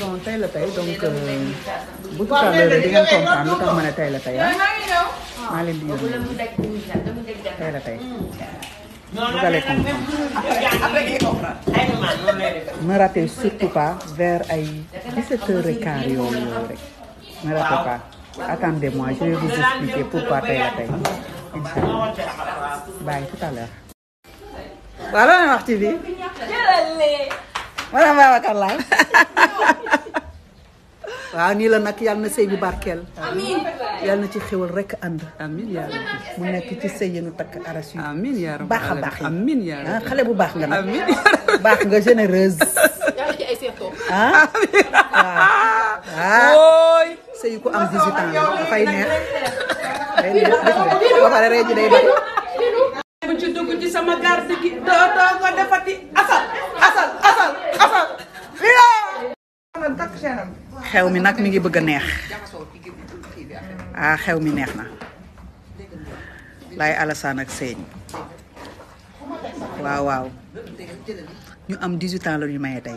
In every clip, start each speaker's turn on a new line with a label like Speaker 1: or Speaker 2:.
Speaker 1: bon tey la tey donc bu tout à l'heure di ngeen comprendre lu tax ma ne tey la tey ah maa leen di yónni tey la tey. vous allez comprendre. ne ratez surtout pas vers ay 17h15 yooyu yooyu rek ne ratez pas. Attendez-moi, je vais vous expliquer pourquoi tey la tey inchallah bàyyi tout à l'heure. waaw loolu wax ci bi. maanaam Babacar laay waaw nii la nag yal na sëy bi barkeel. amiin yal na ci xéwal rek ànd. amiin yaa rabbi mu nekk takk aras yi. amiin yaa a baax yaa xale bu baax nga nag. amiin baax nga généreuse. yàlla ah waaw waaw. Ah. ku am 18 ans la dafay neex. day neex def nga ba pare rëy ji day doy. bu ci dugg ci sama garde gi doo Gel mi nak mi bëgg neex. Ah xew mi neex na. Lay alasan ak señ. Waaw waaw. Ñu am 18 ans la ñu maye tay.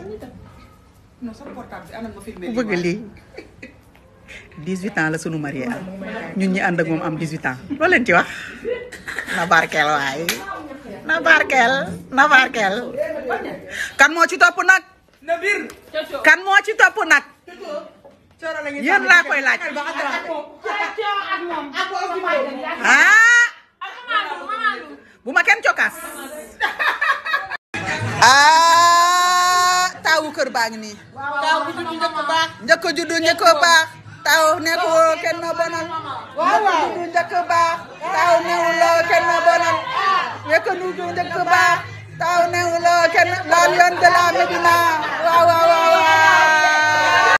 Speaker 1: Non sa portable 18 ans la sunu marié. Ñun ya. ñi and ak mom am 18 ans. Lo leen ci wax. Na barkel way.
Speaker 2: Na barkel,
Speaker 1: na barkel. Kan mo ci top nak? Nabir! Kan mo ati to punat? Tutu! Tsara lang ito. Yan lang ako ilat. Bakit lang ako? Kaya ako ang mam. Ako ang mam. Ha? Ako mam. Mamalo. Bumakem chokas. Ah! Tahu kerbang ni. Tahu kerbang ni. Nyak kujudu nyak kebak. Tahu nyak kujudu nyak kebak. Tahu nyak kujudu nyak kebak. Tahu nyak kujudu nyak kebak. Nyak kujudu nyak kebak. Tahu nyak kujudu nyak kebak. Tahu nyak kujudu nyak kebak. Tahu nyak kujudu nyak kebak.